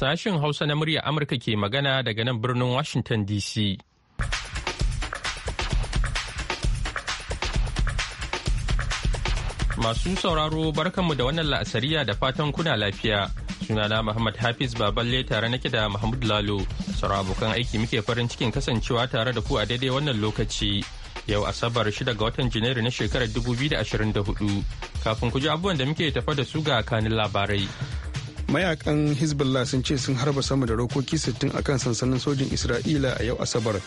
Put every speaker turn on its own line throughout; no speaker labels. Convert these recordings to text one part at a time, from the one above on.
Sashen Hausa na murya Amurka ke magana daga nan birnin Washington DC. Masu sauraro barkanmu da wannan la'asariya da fatan kuna lafiya. Sunana Muhammad Hafiz Baballe tare nake da Muhammad Lalo. Saura abokan aiki muke farin cikin kasancewa tare da ku a daidai wannan lokaci. Yau Asabar 6 ga watan Janairu na shekarar 2024. Kafin ku ji abubuwan da muke tafa da su ga kanin labarai.
mayakan hezbollah sun ce sun harba sama da rokoki 60 akan sansanin sojin isra'ila a yau asabar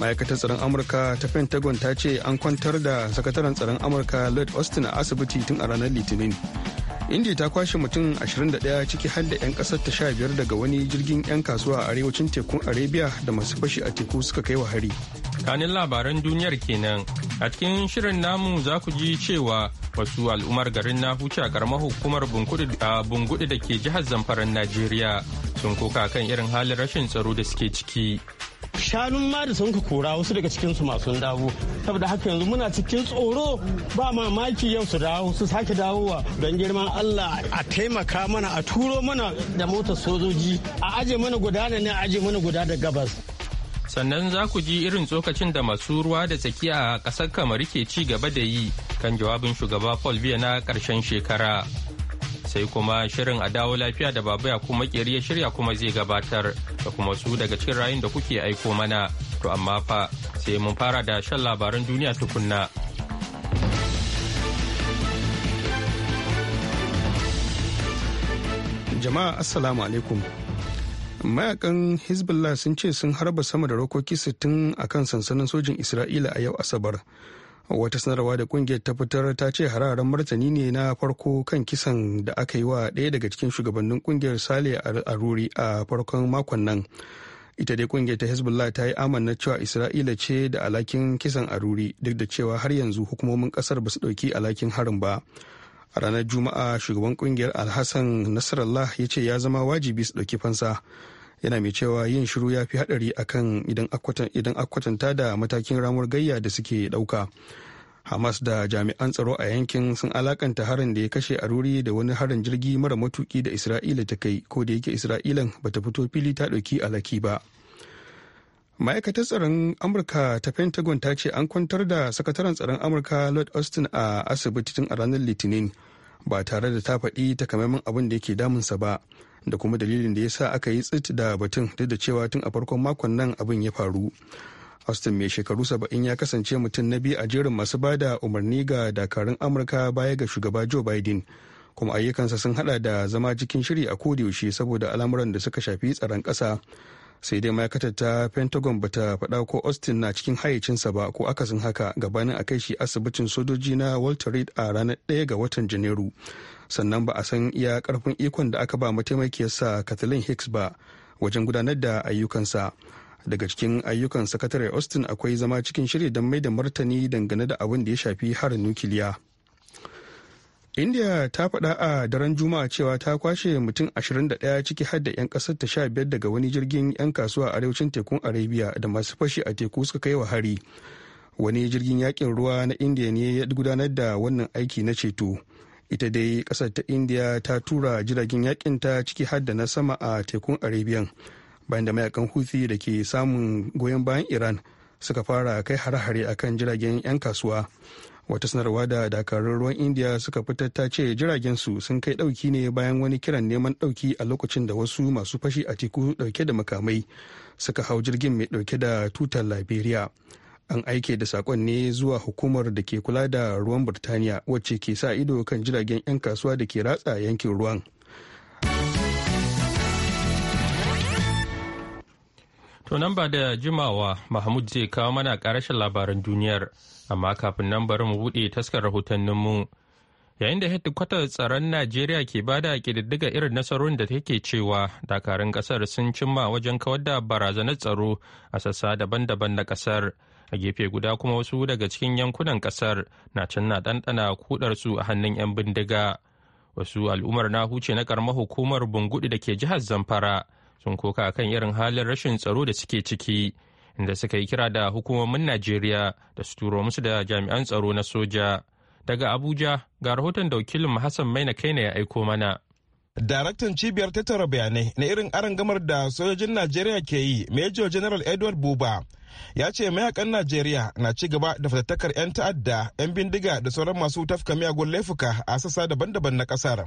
ma'aikatar tsaron amurka ta pentagon ta ce an kwantar da sakataren tsaron amurka lloyd austin a asibiti tun a ranar litinin india ta kwashe mutum 21 ciki har da 'yan kasar ta 15 daga wani jirgin 'yan kasuwa a arewacin tekun arabia da masu fashi a teku suka kai wa hari
kanin labaran duniyar kenan A cikin shirin namu za ku ji cewa wasu al'ummar garin na huce a karamar hukumar bungudu da ke jihar zamfara Najeriya sun koka kan irin halin rashin tsaro da suke ciki.
shanun ma da sun ka kora wasu daga cikin su masu dawo saboda haka yanzu muna cikin tsoro ba mamaki yau su dawo su sake dawowa don girman Allah a taimaka mana a turo mana da motar sojoji a aje mana guda ne a aje mana guda da gabas
sannan za ku ji irin tsokacin da masu ruwa da tsakiya a ƙasar kamar ke ci gaba da yi kan jawabin shugaba paul biya na ƙarshen shekara sai kuma shirin a dawo lafiya da baba ya kuma ya shirya kuma zai gabatar da kuma su daga cikin rayun da kuke aiko mana to amma fa sai mun fara da shan labaran duniya tukunna
jama'a assalamu alaikum mayakan hezbollah sun ce sun harba sama da rokoki 60 a kan sansanin sojin isra'ila a yau asabar wata sanarwa da kungiyar ta fitar ta ce hararen martani ne na farko kan kisan da aka yi wa ɗaya daga cikin shugabannin kungiyar sale ruri a farkon makon nan ita dai kungiyar ta hezbollah ta yi amanna cewa isra'ila ce da alakin kisan ruri duk da cewa har yanzu hukumomin kasar ba su ɗauki alakin harin ba a ranar juma'a shugaban kungiyar alhassan nasarallah ya ce ya zama wajibi su ɗauki fansa yana mai cewa yin shiru ya fi haɗari akan idan akwatanta da matakin ramuwar gayya da suke ɗauka. Hamas da jami'an tsaro a yankin sun alakanta harin da ya kashe a ruri da wani harin jirgi mara matuki da Isra'ila ta kai ko da yake Isra'ilan ta fito fili ta ɗauki alaki ba. Ma'aikatar tsaron Amurka ta Pentagon ta ce an kwantar da sakataren tsaron Amurka Lord Austin a asibiti tun a ranar Litinin ba tare da ta faɗi takamaiman abin da yake damunsa ba da kuma dalilin da ya sa aka yi tsit da batun duk da cewa tun a farkon makon nan abin ya faru austin mai shekaru saba'in ya kasance mutum na biyu a jerin masu ba da umarni ga dakarun amurka baya ga shugaba joe biden kuma ayyukansa sun hada da zama cikin shiri a yaushe saboda al'amuran da suka shafi tsaron ƙasa sai dai ma'aikatar ta pentagon bata faɗa ko austin na cikin hayyacinsa ba ko akasin haka gabanin a kai shi asibitin sojoji na walter reed a ranar ɗaya ga watan janairu sannan ba a san iya karfin ikon da aka ba mataimakiyarsa kathleen hicks ba wajen gudanar da ayyukansa daga cikin ayyukan sakatare austin akwai zama cikin shiri don mai da martani dangane da abin da ya shafi harin nukiliya. india ta faɗa a daren juma'a cewa ta kwashe mutum 21 ciki hadda 'yan ƙasar ta 15 daga wani jirgin 'yan kasuwa a arewacin tekun arabia da masu fashi a teku suka kai wa hari wani jirgin yakin ruwa na india ne ya gudanar da wannan aiki na ceto ita dai ƙasar ta india ta tura jiragen yakin ta ciki hadda na sama a tekun arabian bayan da mayakan houthi da ke samun goyon bayan iran suka fara kai hare-hare akan jiragen 'yan kasuwa wata sanarwa da dakarun ruwan indiya suka fitar ta ce jiragen su sun kai dauki ne bayan wani kiran neman dauki a lokacin da wasu masu fashi a teku dauke da makamai suka hau jirgin mai dauke da tutar liberia an aike da sakon ne zuwa hukumar da ke kula da ruwan birtaniya wacce ke sa ido kan jiragen 'yan kasuwa da ke ratsa yankin ruwan
to nan ba da jimawa mahmud zai kawo mana karashin labaran duniyar amma kafin nan bari mu buɗe taskar rahotanninmu yayin da hedikwatar tsaron najeriya ke bada ƙididdiga irin nasarorin da take cewa dakarun ƙasar sun cimma wajen kawar da barazanar tsaro a sassa daban-daban na ƙasar a gefe guda kuma wasu daga cikin yankunan ƙasar na can na ɗanɗana kudarsu a hannun 'yan bindiga wasu al'ummar na huce na karamar hukumar bungudu da ke jihar zamfara sun koka kan irin halin rashin tsaro da suke ciki inda suka yi kira da hukumomin najeriya da su turo musu da jami'an tsaro na soja daga abuja ga rahoton da wakilin hassan maina kaina ya aiko mana
Daraktan cibiyar tattara bayanai na irin arangamar da sojojin Najeriya ke yi, Major General Edward Buba ya ce mayakan najeriya na ci gaba da fatattakar 'yan ta'adda 'yan bindiga da sauran masu tafka miyagun laifuka a sassa daban-daban na kasar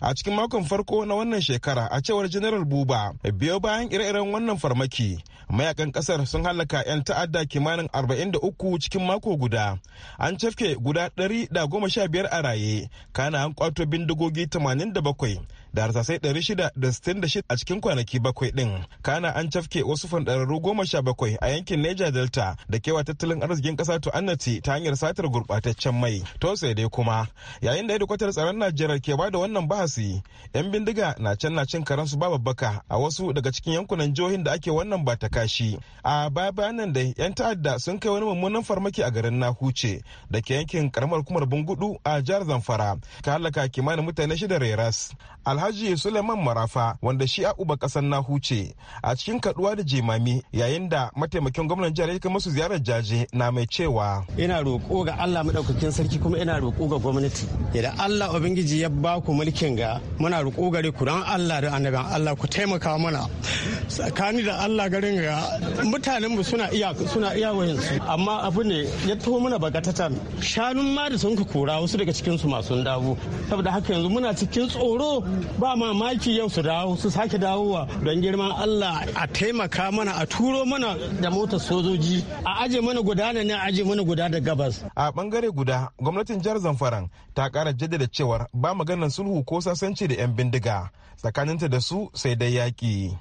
a cikin makon farko na wannan shekara a cewar general buba biyo bayan ire-iren wannan farmaki mayakan kasar sun halaka 'yan ta'adda kimanin 43 cikin mako guda an cafke guda 115 a raye kana an kwato bindigogi 87 da harsasai 666 a cikin kwanaki bakwai din kana an cafke wasu fandararru goma sha bakwai a yankin neja delta da kewa tattalin arzikin kasa to annati ta hanyar satar gurbataccen mai to sai dai kuma yayin da hedikwatar tsaron najeriya ke bada wannan bahasi yan bindiga na can na cin karansu ba babbaka a wasu daga cikin yankunan jihohin da ake wannan ba ta kashi a baya nan da yan ta'adda sun kai wani mummunan farmaki a garin nahuce da ke yankin karamar kumar bungudu a jihar zamfara ka halaka kimanin mutane shida reras alhaji suleiman marafa wanda shi a uba kasar na huce a cikin kaduwa da jimami yayin da mataimakin gwamnan jihar ya kai ziyarar jaje na mai cewa ina roƙo ga allah maɗaukakin sarki kuma ina roƙo ga gwamnati idan
allah ubangiji ya ba ku mulkin ga muna roƙo gare ku don allah da annabin allah ku taimaka mana tsakani da allah garin ga mutanen mu suna iya suna iya wayansu amma abu ne ya taho mana bagatatan shanun ma da sun ka kora wasu daga cikin su masu dawo saboda haka yanzu muna cikin tsoro ba mamaki yau su dawo su sake dawowa don girman allah a taimaka mana a turo mana da motar sojoji a aje mana
guda da ne aje mana guda da gabas a bangare guda gwamnatin jihar zamfara ta kara jaddada cewar ba maganar sulhu ko sasanci da yan bindiga tsakaninta da su sai dai yaki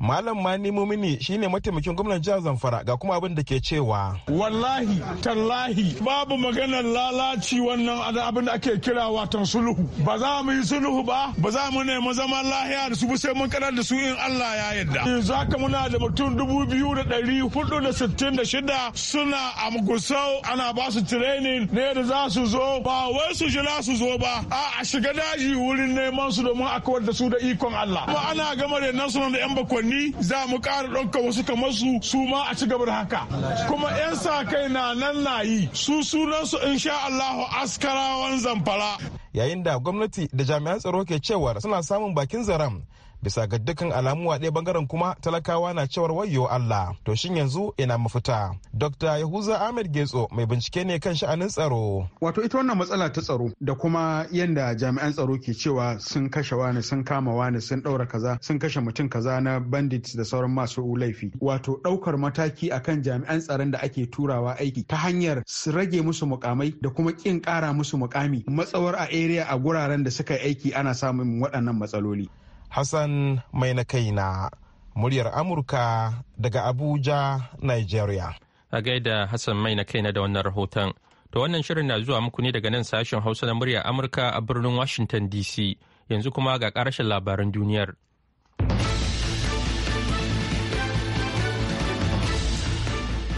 malam mani mumini shine mataimakin gwamnan jihar zamfara ga kuma abin da ke cewa wallahi tallahi babu maganar lalaci wannan abin da ake kira watan sulhu ba za mu yi sulhu ba ba za mu nemi zaman lahiya da su sai mun kada da su in Allah ya yarda za ka muna da mutum dubu biyu da ɗari hudu da sittin da shida suna a gusau ana ba su training ne da za su zo ba wai su jira su zo ba a shiga daji wurin neman su domin a kawar da su da ikon Allah kuma ana gama da nan suna da yan bakwai ni za mu ƙara ɗauka wasu kamar su su ma a ci gaba da haka kuma 'yan sa kai na nan na yi su sunansu insha Allahu askarawan zamfara yayin da gwamnati da jami'an tsaro ke cewar suna samun bakin zaram bisa ga dukkan alamu a ɗaya bangaren kuma talakawa na cewar wayo Allah to shin yanzu ina mafita Dr. Yahuza Ahmed Getso mai bincike ne kan sha'anin tsaro wato ita wannan matsala ta tsaro da kuma yanda jami'an tsaro ke cewa sun kashe wani sun kama wani sun ɗaura kaza sun kashe mutum kaza na bandits da sauran masu laifi wato ɗaukar mataki akan jami'an tsaron da ake turawa aiki ta hanyar su rage musu mukamai da kuma ƙin kara musu mukami matsawar a area a guraren da suka aiki ana samun waɗannan matsaloli Hassan mai na kai na muryar Amurka daga Abuja, Nigeria.
A gaida Hassan mai na kaina da wannan rahoton. To wannan shirin na zuwa muku ne daga nan sashen Hausa na muryar Amurka a birnin Washington DC. Yanzu kuma ga karashen labaran duniyar.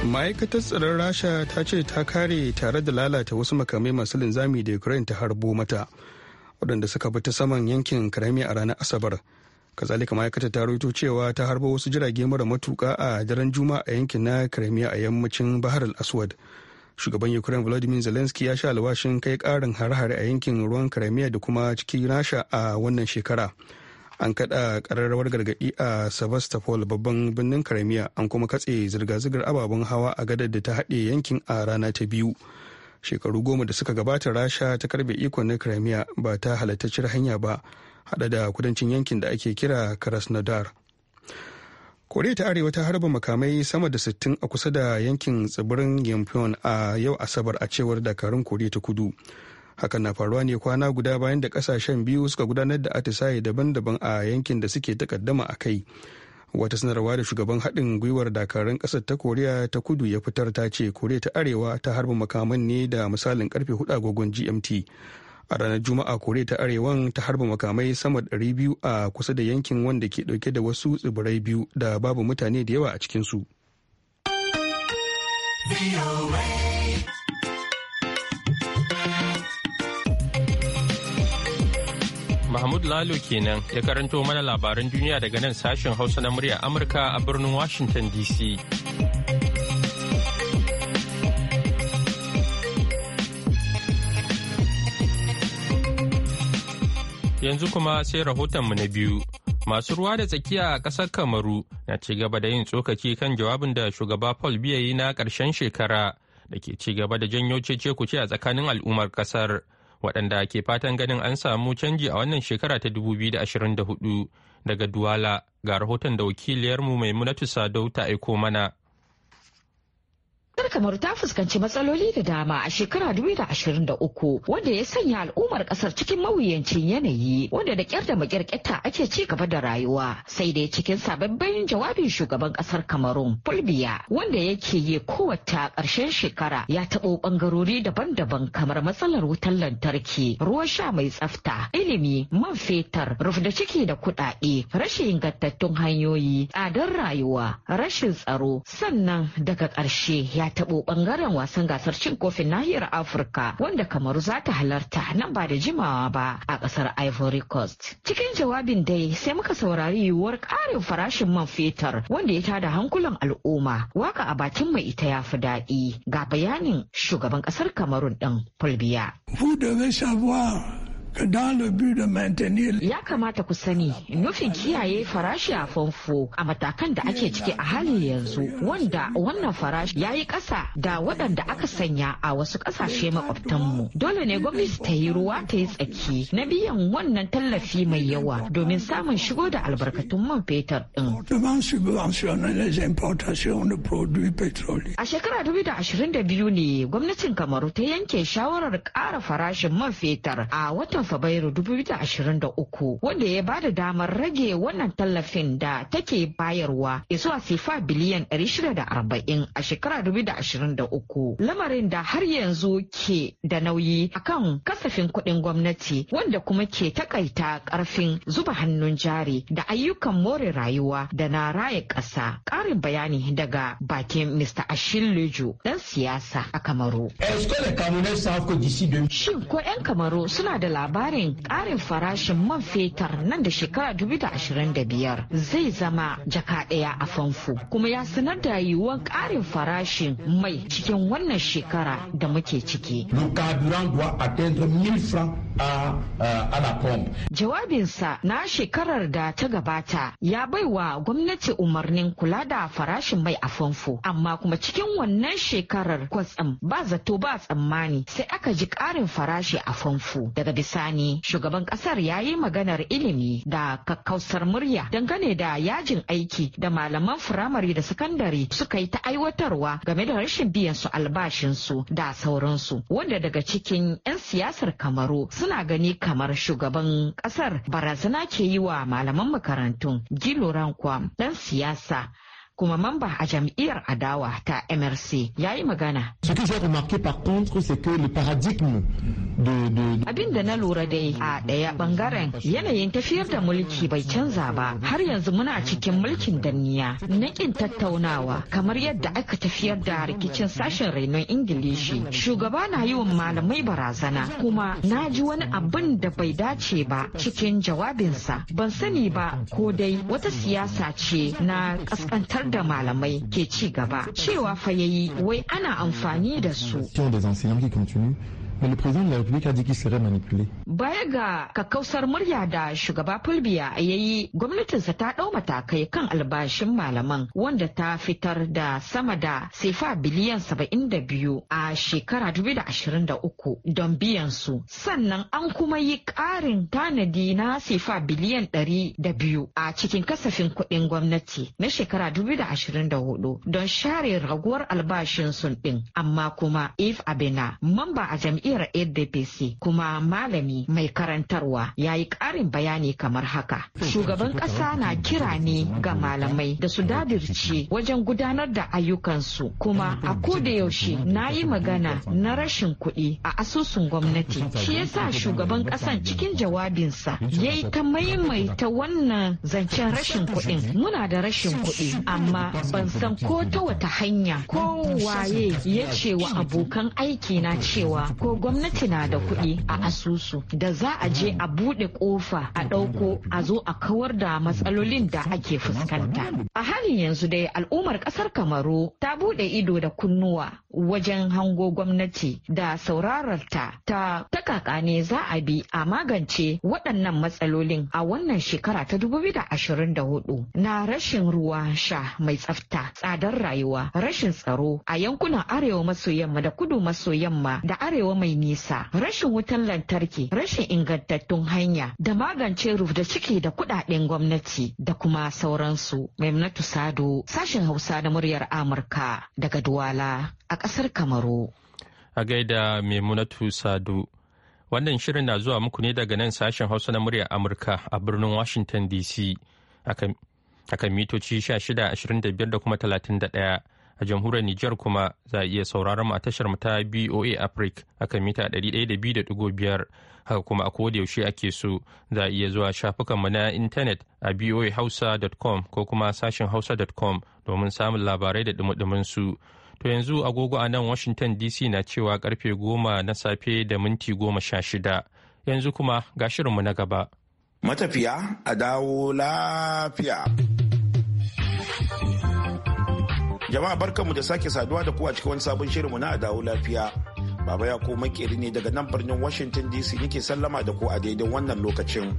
ma'aikatar tsaron
rasha ta ce ta kare tare da lalata wasu makamai masu linzami da ukraine ta harbo mata waɗanda suka bi ta saman yankin karami a ranar asabar kazalika ma'aikatar ta rawaito cewa ta harba wasu jirage mara matuka a daren juma a yankin na karamiya a yammacin bahar al-aswad shugaban ukraine volodymyr zelensky ya sha alwashin kai karin hare-hare a yankin ruwan karamiya da kuma cikin rasha a wannan shekara an kada kararrawar gargadi a sevastopol babban birnin karamiya an kuma katse zirga-zirgar ababen hawa a gadar da ta haɗe yankin a rana ta biyu shekaru goma da suka gabata rasha ta karbe ikon na crimea ba ta halattacciyar hanya ba hada da kudancin yankin da ake kira krasnodar koriya ta arewa ta harba makamai sama da 60 a kusa da yankin tsibirin yampion a yau asabar a cewar dakarun koriya ta kudu hakan na faruwa ne kwana guda bayan da kasashen biyu suka gudanar da atisaye daban-daban a yankin da suke takaddama a kai wata sanarwa da shugaban haɗin gwiwar dakarun ƙasar ta koriya ta kudu ya fitar ta ce koriya ta arewa ta harba makaman ne da misalin karfe hudu agogon gmt a ranar juma'a koriya ta arewan ta harba makamai sama da biyu a kusa da yankin wanda ke ɗauke da wasu tsibirai biyu da babu mutane da yawa a cikinsu.
Mahmud Lalo kenan ya karanto mana labaran duniya daga nan sashen Hausa na murya Amurka a birnin Washington DC. Yanzu kuma sai rahotonmu na biyu. Masu ruwa da tsakiya a ƙasar Kamaru na cigaba da yin tsokaci kan jawabin da shugaba Paul Biya yi na ƙarshen shekara da ke cigaba da janyo cece kuce a tsakanin al'ummar ƙasar. waɗanda ke fatan ganin an samu canji a wannan shekara ta 2024 daga Duwala ga rahoton da wakiliyarmu munatu Sadau ta aiko mana.
Kasar Kamaru ta fuskanci matsaloli da dama a shekara 2023 wanda ya sanya al'ummar ƙasar cikin mawuyancin yanayi wanda da kyar da makirkita ake ci gaba da rayuwa sai dai cikin sababbin jawabin shugaban ƙasar Kamarun Fulbiya wanda yake yi kowata ƙarshen shekara ya taɓo ɓangarori daban-daban kamar matsalar wutar lantarki, ruwa sha mai tsafta, ilimi, man fetur, rufda ciki da kuɗaɗe, rashin ingantattun hanyoyi, tsadar rayuwa, rashin tsaro, sannan daga ƙarshe ya A taɓo ɓangaren wasan gasar cin kofin nahiyar Afirka wanda Kamaru za ta halarta nan ba da jimawa ba a ƙasar Ivory Coast. Cikin jawabin dai sai muka saurari yiwuwar ƙarin farashin man fetur wanda ya tada hankulan al'umma. Waka a bakin mai ita ya fi daɗi ga bayanin shugaban ƙasar Kamarun ɗin Fulbiya. dans le but de maintenir. Ya kamata ku sani nufin kiyaye farashi a famfo a matakan da ake ciki a halin yanzu wanda wannan farashi ya yi ƙasa da waɗanda aka sanya a wasu ƙasashe makwabtanmu. Dole ne gwamnati ta yi ruwa ta yi tsaki na biyan wannan tallafi mai yawa domin samun shigo da albarkatun man fetur ɗin. A shekara 2022 ne gwamnatin Kamaru ta yanke shawarar ƙara farashin man fetur a watan Fabairu 2023 wanda ya bada damar rage wannan tallafin da take bayarwa zuwa sifa biliyan 640 a shekara 2023 lamarin da har yanzu ke da nauyi akan kasafin kuɗin gwamnati wanda kuma ke takaita ƙarfin zuba hannun jari da ayyukan more rayuwa da na raye ƙasa. Ƙarin bayani daga bakin Mr. Ashil Lejo ɗan siyasa a Kamaru. Shin ko 'yan Kamaru suna da labarin labarin ƙarin farashin man fetur nan da shekara 2025 zai zama jaka ɗaya a famfo kuma ya sanar da yiwuwar ƙarin farashin mai cikin wannan shekara da muke ciki. Jawabinsa na shekarar da ta gabata ya bai wa gwamnati umarnin kula da farashin mai a famfo amma kuma cikin wannan shekarar kwatsam ba zato ba tsammani sai aka ji ƙarin farashi a famfo daga bisa sani shugaban kasar ya yi maganar ilimi da kakkausar murya dangane da yajin aiki da malaman firamare da sakandare suka yi ta aiwatarwa game da rashin biyan su albashin su da su. wanda daga cikin 'yan siyasar kamaru suna gani kamar shugaban kasar barazana ke yi wa malaman makarantun giloran kwam dan siyasa kuma mamba a jam'iyyar adawa ta MRC ya yi magana. Abin da na lura dai a ɗaya ɓangaren yanayin tafiyar da mulki bai canza ba har yanzu muna cikin mulkin danniya na ƙin tattaunawa kamar yadda aka tafiyar da rikicin sashen rainon Ingilishi. Shugaba na yi wa malamai barazana kuma na ji wani abin da bai dace ba cikin jawabinsa ban sani ba ko dai wata siyasa ce na ƙasƙantar da malamai ke ci gaba cewa fa yayi wai ana amfani da su. Mais le président de la République a dit qu'il serait manipulé. Baya ga kakkausar murya da shugaba Fulbiya ya yi gwamnatinsa ta ɗau matakai kan albashin malaman wanda ta fitar da sama da sefa biliyan saba'in da a shekara dubu don biyan su. Sannan an kuma yi ƙarin tanadi na sefa biliyan ɗari da biyu a cikin kasafin kuɗin gwamnati na shekara dubu don share raguwar albashin sun ɗin. Amma kuma if Abena, mamba a jam'iyyar jam'iyyar ADPC kuma malami mai karantarwa ya yi ƙarin bayani kamar haka. Shugaban ƙasa na kira ne ga malamai da su dadirce wajen gudanar da ayyukansu kuma a da yaushe na yi magana na rashin kuɗi a asusun gwamnati. Shi ya sa shugaban ƙasan cikin jawabinsa ya yi ta maimaita wannan zancen rashin kuɗin. Muna da rashin kuɗi amma ban san ko ta wata hanya ko waye ya ce wa abokan aiki na cewa ko gwamnati na da kuɗi a asusu da za a je a buɗe ƙofa a ɗauko a zo a kawar da matsalolin da ake fuskanta. A halin yanzu dai al'ummar ƙasar Kamaru ta buɗe ido da kunnuwa wajen hango gwamnati da saurararta ta ne za a bi a magance waɗannan matsalolin a wannan shekara ta 2024 na rashin ruwa sha mai tsafta tsadar rayuwa rashin tsaro a yankunan arewa maso yamma da kudu maso yamma da arewa mai mai nisa rashin wutan lantarki rashin ingantattun hanya da magance ruf da ciki da kudaden gwamnati da kuma sauransu maimunatu sado sashen hausa na muryar amurka daga duwala a kasar kamaru
a gaida maimunatu sado wannan shirin na zuwa muku ne daga nan sashen hausa na muryar amurka a birnin washington dc akan mitoci 1625 da kuma 31 a jamhuriyar Nijar kuma za a iya sauraron mu a tashar mu ta BOA Africa akan mita 102.5 haka kuma a koda yaushe ake so za a iya zuwa shafukan mu na intanet a boahausa.com ko kuma sashin hausa.com domin samun labarai da dumudumin su to yanzu agogo a nan Washington DC na cewa karfe goma na safe da minti goma sha shida yanzu kuma ga shirinmu na gaba.
Matafiya a dawo lafiya. Jama'a barkanmu da sake saduwa da ku a cikin wani sabon shirinmu na dawo lafiya. Baba ya ko makeri ne daga nan birnin Washington DC nake sallama da ku a daidai wannan lokacin.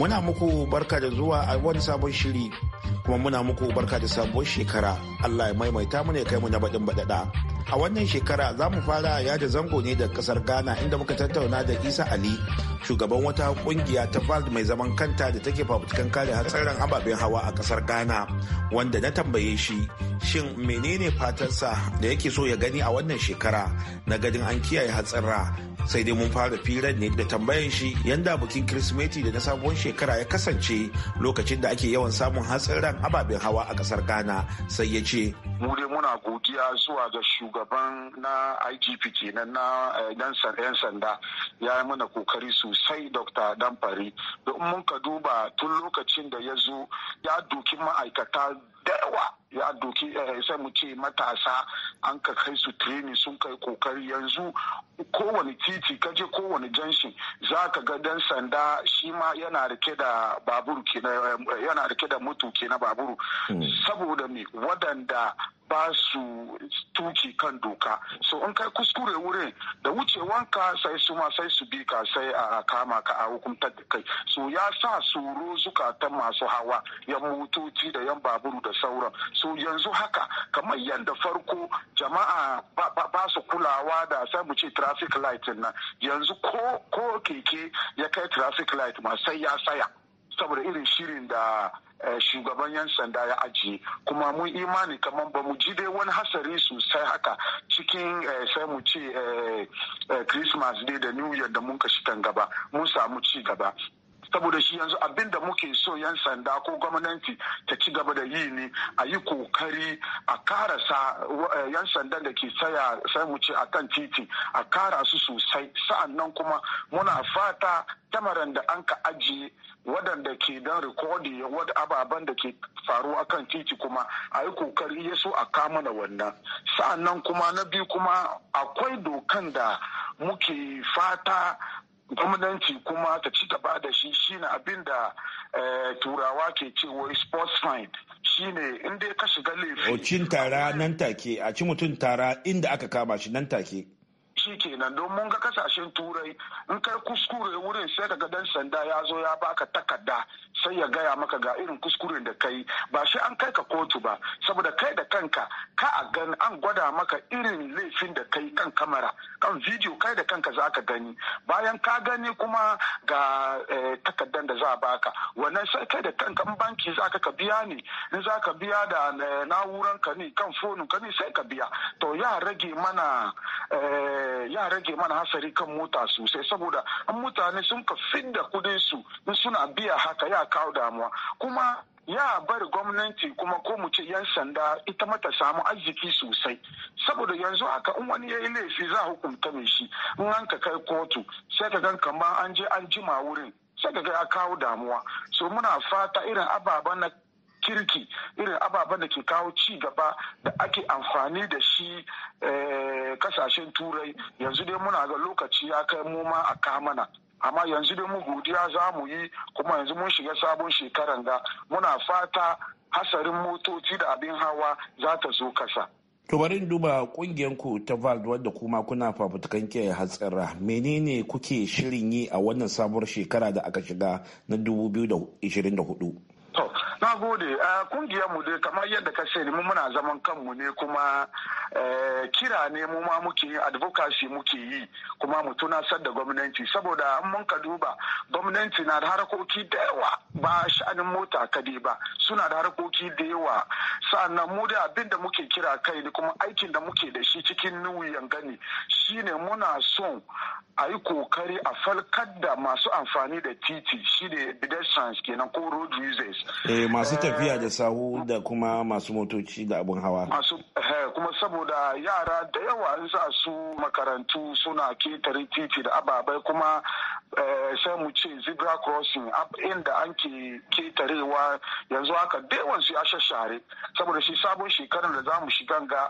Muna muku barka da zuwa a wani sabon shiri kuma muna muku barka da sabuwar shekara. Allah ya maimaita mu ne kai mu na baɗin baɗaɗa. a wannan shekara za mu fara yada zango ne da kasar ghana inda muka tattauna da isa ali shugaban wata kungiya ta fald mai zaman kanta da take fafutukan kare hatsarin ababen hawa a kasar ghana wanda na tambaye shi shin menene fatarsa da yake so ya gani a wannan shekara na gadin an kiyaye hatsara sai dai mun fara firar ne da tambayan shi yanda bikin kirsimeti da na sabuwar shekara ya kasance lokacin da ake yawan samun hatsarin ababen hawa a kasar ghana sai ya ce
muna godiya zuwa ga shugaban na igp kenan na eh, yan sanda ya yi mana kokari sosai dr damfari domin mun ka duba tun lokacin da ya zo ya doki ma'aikata da yawa ya doki sai mu ce matasa an ka kai su training sun kai kokari yanzu kowane titi kaje kowane janshi za ka ga dan sanda shi ma yana rike da mutu yana mutuki na baburu hmm. saboda me wadanda ba su tuki kan doka so in kai kuskure wurin da wucewanka sai su ma sai su bi ka sai a kama ka a hukumta da kai so ya sa tsoro zukatan masu hawa yan motoci da yan baburu da sauran so su yanzu haka kamar yadda farko jama'a ba su kulawa da sai mu ce traffic light nan yanzu ko keke ya kai traffic light ma sai ya saya saboda irin shirin da eh, shugaban yan sanda ya ajiye kuma mun imani kamar ba mu ji dai wani hasari sosai haka cikin eh, sai mu ce eh, christmas day da new year da mun kashi gaba mun samu ci gaba saboda shi yanzu abin da muke so yan sanda ko gwamnati ta ci gaba da yi ne a yi kokari a sa eh, yan sandan da ke tsaya sai mu ce akan titi a kara su sosai sa'an nan kuma muna fata tamarin da an ka ajiye waɗanda ke dan rikodi wadda ababen da ke faruwa kan titi kuma a yi kokari ya so a kama na wannan nan kuma na biyu kuma akwai dokan da muke fata gwamnati kuma ta ci gaba da shi shine abin da eh, turawa ke cewa sports fine shine in dai ka shiga laifi. cin
tara nan take a ci mutum tara inda aka kama shi nan take.
shi kenan don mun ga kasashen turai in kai kuskure wurin sai ka ga dan sanda ya zo ya baka takarda sai ya gaya maka ga irin kuskuren da kai ba shi an kai ka kotu ba saboda kai da kanka ka a gan an gwada maka irin laifin da kai kan kamera kan video kai da kanka za ka gani bayan ka gani kuma ga eh, takardan da za a baka wannan sai kai da kanka in banki za ka biya ni in za ka biya da eh, na'uran ka ne kan fonin ka ne sai ka biya to ya rage mana eh, ya rage mana hasari kan mota sosai saboda an mutane sun ka fidda kudin su in suna biya haka ya kawo damuwa kuma ya bar gwamnati kuma ko mu ce yan sanda ita mata samu arziki sosai saboda yanzu haka in wani ya yi laifi za a hukunta mai shi in an ka kai kotu sai ka gan kamar an je an jima wurin sai ka ga ya kawo damuwa so muna fata irin ababen na kirki irin ababen da ke kawo ci gaba da ake amfani da shi eh, kasashen turai yanzu dai muna ga lokaci ya kai mu ma a kamana amma yanzu dai mu godiya za mu yi kuma yanzu mun shiga sabon shekaran da muna fata hasarin motoci da abin hawa za ta zo kasa.
To bari duba kungiyar ku ta VALD wadda kuma kuna fafutukan ke hatsara menene kuke shirin yi a wannan sabuwar shekara da aka shiga na 2024?
na gode kungiyar mu dai kamar yadda ka ce mu muna zaman kanmu ne kuma eh, kira ne mu ma muke yi advocacy muke yi kuma mu tunasar da gwamnati saboda an mun ka duba gwamnati na da harkoki da yawa ba sha'anin mota kadi ba suna da harkoki da yawa sannan mu da abin da muke kira kai ne kuma aikin da muke da shi cikin nuwiyan gani shine muna son a yi kokari a falkar da masu amfani da titi shine pedestrians kenan ko road users eh, masu tafiya
da sahu da kuma masu motoci da abun hawa masu
eh, kuma saboda yara da yawa an sa su makarantu suna ketare titi da ababai kuma Eh, sai mu ce zebra crossing inda an ke ketarewa yanzu haka dewan ya shashare saboda shi sabon shekarar da za zamu shigan ga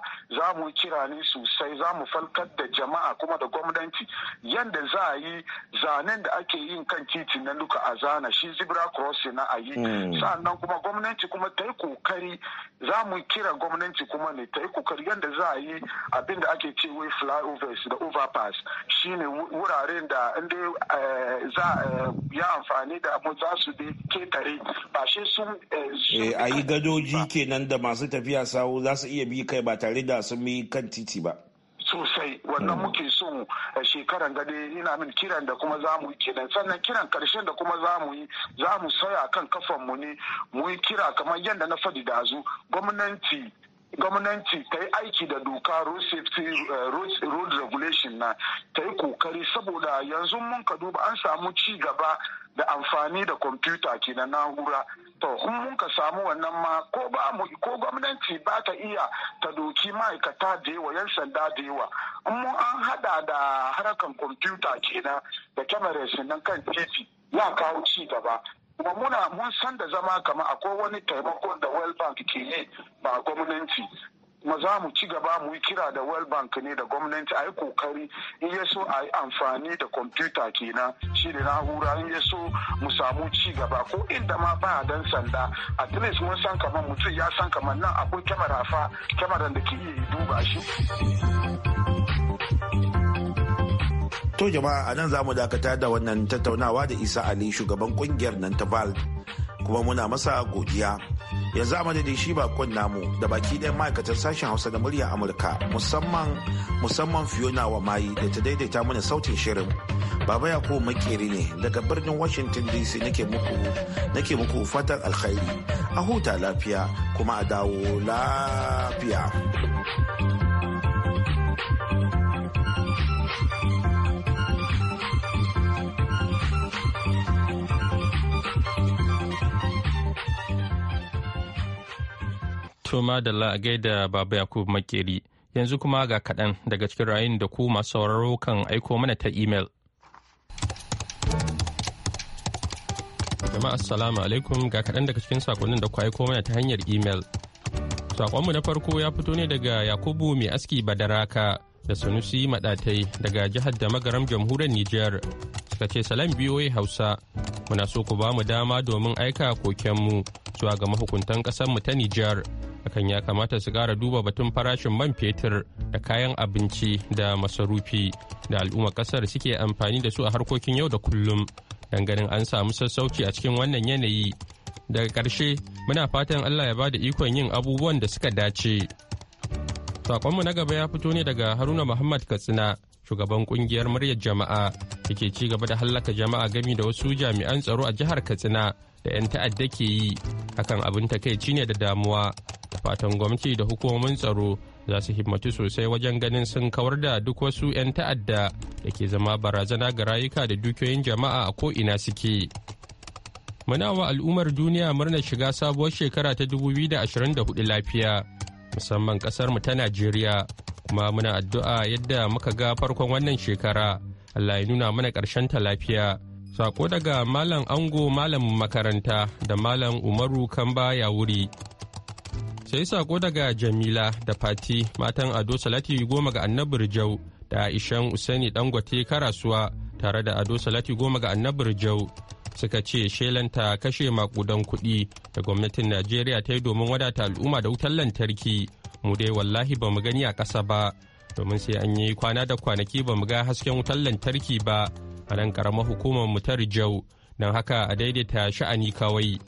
mu kira ne sosai za zamu falkar da jama'a kuma da gwamnati yadda za a yi zanen da ake yin kan titin na duka a zana shi zebra crossing na a yi hmm. sannan kuma gwamnati kuma ta yi kokari za mu kira gwamnati kuma ne ta yi kokari yadda za a yi abin da ake ce wai flyovers da overpass shine wuraren da inda eh, Eh,
za eh, yi amfani da mu za su ketare ba shi sun eh, a yi gadoji kenan da masu tafiya sawu za su iya bi kai ba tare da sun bi kan titi ba
sosai wannan mm. muke so shekaran gade ina min kiran da kuma za mu yi kenan sannan kiran karshen da kuma za mu yi za mu saya kan kafan mu ne mu yi kira kamar yadda na faɗi dazu gwamnati gwamnati ta yi aiki da doka road safety eh, road regulation na ta yi kokari saboda yanzu mun ka duba an samu ci gaba da amfani da kwamfuta ke na na'ura to kun mun ka samu wannan ma ko ba mu ko gwamnati ba ta iya ta doki ma'aikata da yawa yan sanda da yawa in mun an hada da harkan kwamfuta na da kyamarar nan kan titi ya kawo ci gaba kuma muna mun san da zama kama akwai wani taimakon da world bank ke yi ba gwamnati kuma za mu ci gaba mu yi kira da world bank ne da gwamnati a yi kokari in ya so a yi amfani da kwamfuta kenan shi da na'ura in ya so mu samu ci gaba ko inda ma ba dan sanda at least mun san kamar mutum ya san kamar nan akwai kyamara fa kyamaran da ke iya duba shi
To jama'a a nan za mu dakata da wannan tattaunawa da Isa Ali shugaban kungiyar nan ta Val kuma muna masa godiya. Yanzu a madadin shi kun namu da baki ɗaya ma'aikatar sashen Hausa da murya Amurka musamman musamman Fiona wa mayi da ta daidaita mana sautin shirin. Baba ya makeri ne daga birnin Washington DC nake muku nake muku fatan alkhairi. A huta lafiya kuma a dawo lafiya.
To da a da Baba Yakubu Makeri. Yanzu kuma ga kaɗan daga cikin rayun da ku masu sauraro kan aiko mana ta imel. Jama'a assalamu alaikum ga kaɗan daga cikin sakonnin da ku aiko mana ta hanyar imel. Sakonmu na farko ya fito ne daga Yakubu Mai Aski Badaraka da Sanusi Maɗatai daga jihar da magaram jamhuriyar Nijar. Suka ce salam biyoyi Hausa, muna so ku ba mu dama domin aika kokenmu zuwa ga mahukuntan ƙasarmu ta Nijar hakan ya kamata su kara duba batun farashin man fetur da kayan abinci da masarufi da al'ummar kasar suke amfani da su a harkokin yau da kullum ganin an samu sassauci a cikin wannan yanayi daga ƙarshe muna fatan allah ya ba da ikon yin abubuwan da suka dace saƙonmu na gaba ya fito ne daga haruna muhammad katsina shugaban kungiyar muryar jama'a da ke ci gaba da hallaka jama'a gami da wasu jami'an tsaro a jihar katsina da 'yan ta'adda ke yi hakan abin takaici ne da damuwa fatan gwamnati da hukumomin tsaro za su himmatu sosai wajen ganin sun kawar da duk wasu 'yan ta'adda da ke zama barazana ga rayuka da dukiyoyin jama'a a ko'ina suke muna wa al'ummar duniya murnar shiga sabuwar shekara ta 2024 lafiya musamman kasar mu ta najeriya kuma muna addu'a yadda muka ga farkon wannan shekara allah ya nuna mana karshen ta lafiya Sako daga Malam Ango malam makaranta da Malam Umaru Kamba ya wuri. Sai sako daga Jamila da Fati matan Ado Salati goma ga annabir Jau da Aishan Usaini Dangote Karasuwa tare da Ado Salati goma ga annabir Jau suka ce shelanta kashe makudan kuɗi da gwamnatin Najeriya ta yi domin wadata al'umma da wutar lantarki mu dai wallahi ba mu gani a ƙasa ba domin sai an yi kwana da kwanaki ba mu ga hasken wutar lantarki ba a nan karamar hukumar ta jau don haka a daidaita sha'ani kawai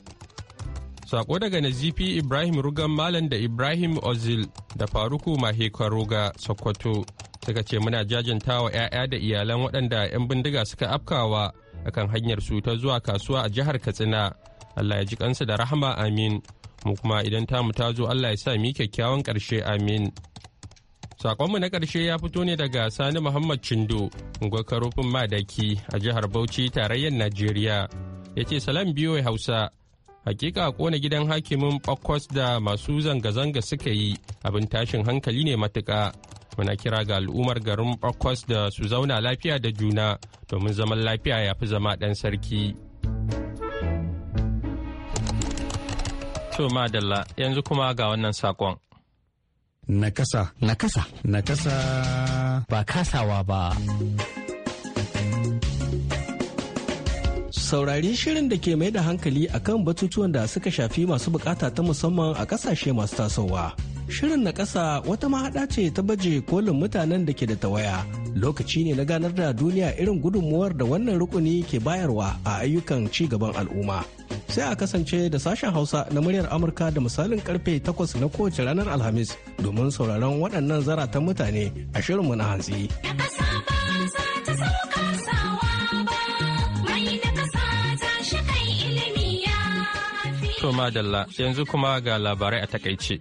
sako daga nazifi ibrahim rugan malam da ibrahim ozil da faruku maheka roga sokoto suka ce muna jajanta wa 'ya'ya da iyalan waɗanda 'yan bindiga suka afkawa akan hanyar su ta zuwa kasuwa a jihar katsina allah ya ji kansu da rahama amin mu kuma idan tamu ta zo allah ya sa mi kyakkyawan ƙarshe amin Sakonmu na ƙarshe ya fito ne daga Sani Muhammad Chindo, Ngwakarufin Madaki a jihar Bauchi tarayyar Najeriya. Ya ce salam biyo Hausa, hakika kona gidan hakimin Bakwas da masu zanga-zanga suka yi abin tashin hankali ne matuƙa. Muna kira ga al'ummar garin Bakwas da su zauna lafiya da juna domin zaman lafiya ya fi zama ɗan sarki. To madalla yanzu kuma ga wannan saƙon.
Nakasa. Nakasa. Nakasa. Ba kasawa ba.
Saurari shirin da ke mai da hankali a kan batutuwan da suka shafi masu bukata ta musamman a kasashe masu tasowa. Shirin na ƙasa wata mahaɗa ce ta baje kolin mutanen da ke da tawaya. Lokaci ne na ganar da duniya irin gudunmuwar da wannan rukuni ke bayarwa a ayyukan ci gaban al'umma. sai a kasance da sashen Hausa na muryar Amurka da misalin karfe 8 na kowace ranar Alhamis domin sauraron waɗannan zaratan mutane a shirinmu na
hantsi. To madalla yanzu kuma ga labarai a takaice.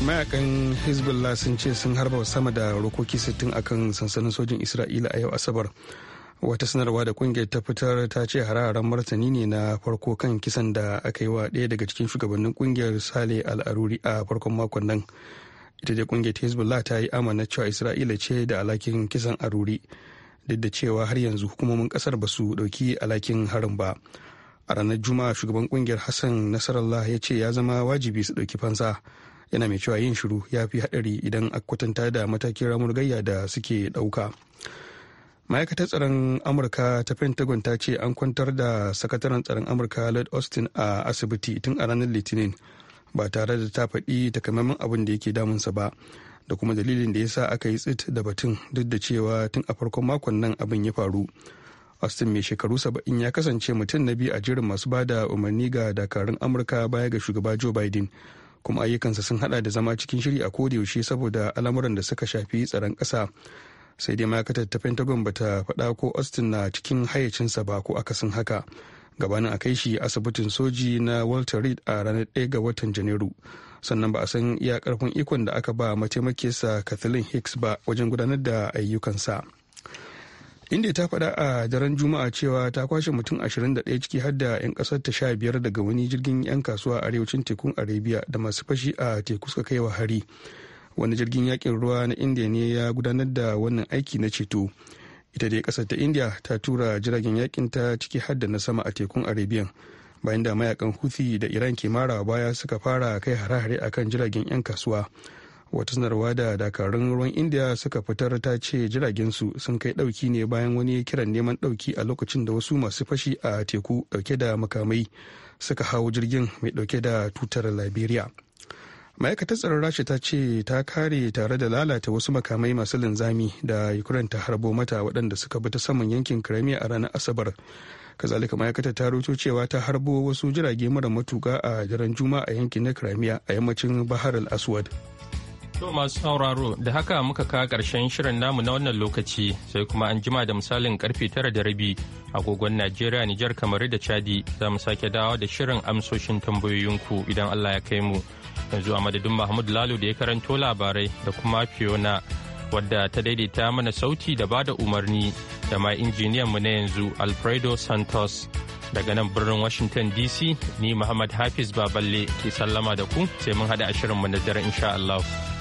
mayakan
hezbollah sun ce sun harba sama da rokoki 60 akan sansanin sojin isra'ila a yau asabar wata sanarwa da kungiyar ta fitar ta ce hararren martani ne na farko kan kisan da aka yi wa ɗaya daga cikin shugabannin kungiyar sale al'aruri a farkon makon nan ita dai kungiyar hezbollah ta yi amana cewa isra'ila ce da alakin kisan aruri duk da cewa har yanzu hukumomin kasar ba su ɗauki alakin harin ba a ranar juma'a shugaban kungiyar hassan nasarallah ya ce ya zama wajibi su ɗauki fansa yana mai cewa yin shiru ya fi haɗari idan a kwatanta da matakin ramuwar gayya da suke ɗauka ma'aikatar tsaron amurka ta pentagon ta ce an kwantar da sakataren tsaron amurka lord austin a asibiti tun a ranar litinin ba tare da ta faɗi takamaiman abin da yake damunsa ba da kuma dalilin da ya sa aka yi tsit da batun duk da cewa tun a farkon makon nan abin ya faru austin mai shekaru saba'in ya kasance mutum na biyu a jirin masu ba da umarni ga dakarun amurka baya ga shugaba joe biden kuma ayyukansa sun hada da zama cikin shiri a yaushe saboda al'amuran da suka shafi tsaron ƙasa sai dai ma'aikatar ta pentagon bata faɗa ko austin na cikin hayyacinsa ba ko akasin haka gabanin a kai shi asibitin soji na walter reed a ranar 1 ga watan janairu sannan ba a san iya karfin ikon da aka ba mataimakinsa kathleen hicks ba wajen gudanar da ayyukansa. inda ta faɗa a daren juma'a cewa ta kwashe mutum 21 ciki har 'yan ƙasar ta biyar daga wani jirgin 'yan kasuwa a arewacin tekun arabia da masu fashi a teku suka kai wa hari wani jirgin yakin ruwa na india ne ya gudanar da wannan aiki na ceto ita dai ƙasar ta india ta tura jiragen yakin ta ciki har na sama a tekun arabian bayan da mayakan huthi da iran ke mara baya suka fara kai hare-hare akan jiragen 'yan kasuwa wata sanarwa da dakarun ruwan india suka fitar ta ce jiragensu sun kai dauki ne bayan wani kiran neman dauki a lokacin da wasu masu fashi a teku dauke da makamai suka hau jirgin mai dauke da tutar liberia ma'aikatar tsaron rasha ta ce ta kare tare da lalata wasu makamai masu linzami da ukraine ta harbo mata waɗanda suka bi ta saman yankin crimea a ranar asabar kazalika ma'aikatar ta rubuto cewa ta harbo wasu jirage mara matuka a daren juma'a a yankin na crimea a yammacin bahar al-aswad
To masu sauraro da haka muka kawo karshen shirin namu na wannan lokaci sai kuma an jima da misalin karfe tara da rabi agogon Najeriya Nijar kamar da Chadi za mu sake dawo da shirin amsoshin tambayoyinku idan Allah ya kai mu. Yanzu a madadin Mahmud Lalo da ya karanto labarai da kuma Fiona wadda ta daidaita mana sauti da bada umarni da ma injiniyan mu na yanzu Alfredo Santos. Daga nan birnin Washington DC ni Muhammad Hafiz Baballe ke sallama da ku sai mun haɗa a shirin mu na dare insha Allah.